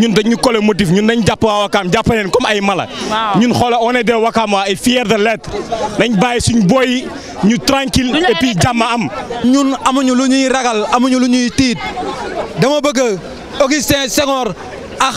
ñun dañu collé motif ñun dañ jàpp waa Wakaam jàpp leen comme ay mala ñun xoola on est des Wakaam waa ay fier de l'être dañ bàyyi suñ booy ñu tranquille et puis jàmm am ñun amuñu lu ñuy ragal amuñu lu ñuy tiit dama bëgg Augustin Senghor ak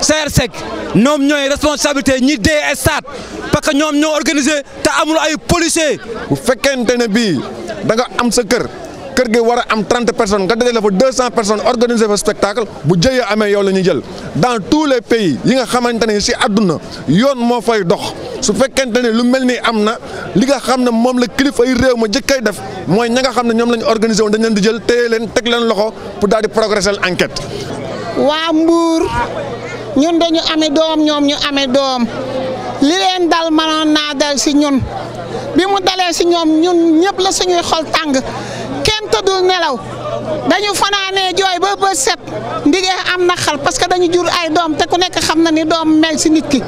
Saer Seck ñoom ñooy responsabilité ñi dee stade parce que ñoom ñoo organisé te amul ay policier bu fekkente ne bii da nga am sa kër kër gi war a am trente personnes nga dajale fa deux cent personnes organiser fa spectacle bu jëyee amee yow la jël dans tous les pays yi nga xamante ne si àdduna yoon moo fay dox su fekkente ne lu mel ni am na li nga xam ne moom la kilifa yi réew ma jëkkay def mooy ña nga xam ne ñoom la ñu organisé woon dañ leen di jël téye leen teg leen loxo daal di progresser l'enquête. waa Mbour ñun dañu amee doom ñoom ñu amee doom li leen dal mënoon naa dal si ñun bi mu dalee si ñoom ñun ñëpp la suñuy xol tàng. tëddul nelaw dañu fanaanee jooy ba ba set ndigee am naxal parce que dañu jur ay doom te ku nekk xam na ni doom mel si nit ki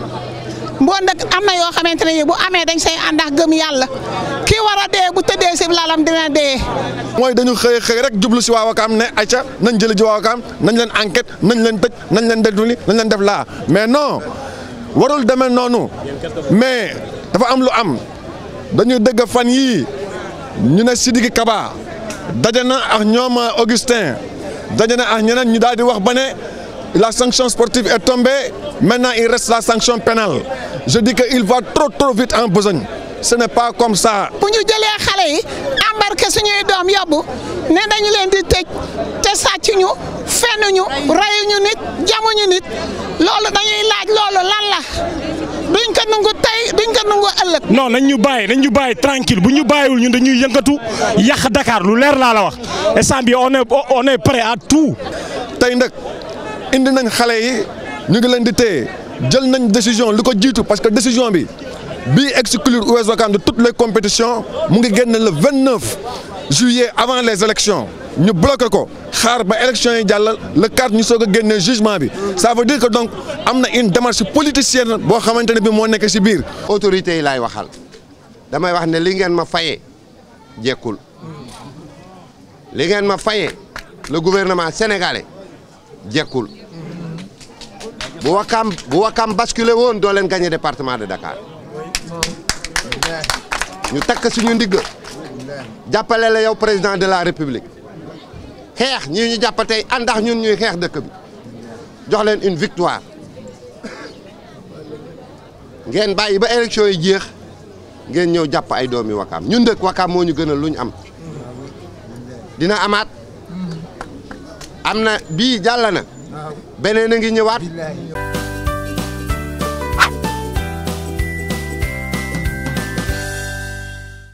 mboon nag am na yoo xamante ne bu amee dañ say àndax gëm yàlla ki war a dee bu tëddee si lalam dina dee. mooy dañu xëy xëy rek jublu si waaw waa Wakaam ne ayca nañ jëli ji waa Wakaam nañ leen enquête nañ leen tëj nañ leen détuli nañ leen def laa mais non warul demee noonu mais dafa am lu am dañu dëgg fan yii ñu ne Sidiki Kaba. daje na ak ñoom euh, Augustin daje na ak ñeneen ñu daal di wax ba la sanction sportive est tombée maintenant il reste la sanction pénale je di que il va trop trop vite en besogne ce n'est pas comme ça. bu ñu jëlee xale yi embarqué suñuy doom yóbbu ne dañu leen di tëj te sàccuñu fenuñu reyuñu nit jamuñu nit loolu dañuy laaj loolu lan la duñ ko nangu. ca nangoo ëllëg non nañ ñu bàyyi nañ ñu bàyyi tranquille bu ñu bàyyiwul ñun dañuy yëngatu yàq Dakar lu leer laa la wax instant bi on est on est prêt à tey nag indi nañ xale yi ñu ngi leen di téye jël nañ décision li ko jiitu parce que décision bi bii exclure US Ouakam de toutes les compétition mu ngi génn le 29 juillet avant les élections ñu bloqué ko xaar ba élection yi jàll le 4 ñu soog a génnee jugement bi ça veut dire que donc am na une démarche politicienne boo xamante ne bi moo nekk si biir. autorité yi laay waxal damay wax ne li ngeen ma faye jekkul li ngeen ma faye le gouvernement sénégalais jekkul bu wakam bu wakam basculé woon doo leen gagné département de Dakar ñu takk suñu ndigg jàppale la yow président de la république. xeex ñii ñu jàpp tey àndax ñun ñuy xeex dëkk bi jox leen une victoire ngeen bàyyi ba élection yi jeex ngeen ñëw jàpp ay doomi wakaam ñu dëkk wakaam moo ñu gënal lu ñu am dina amaat mm-hmm. am na bii jàll na beneen a ngi ñëwaat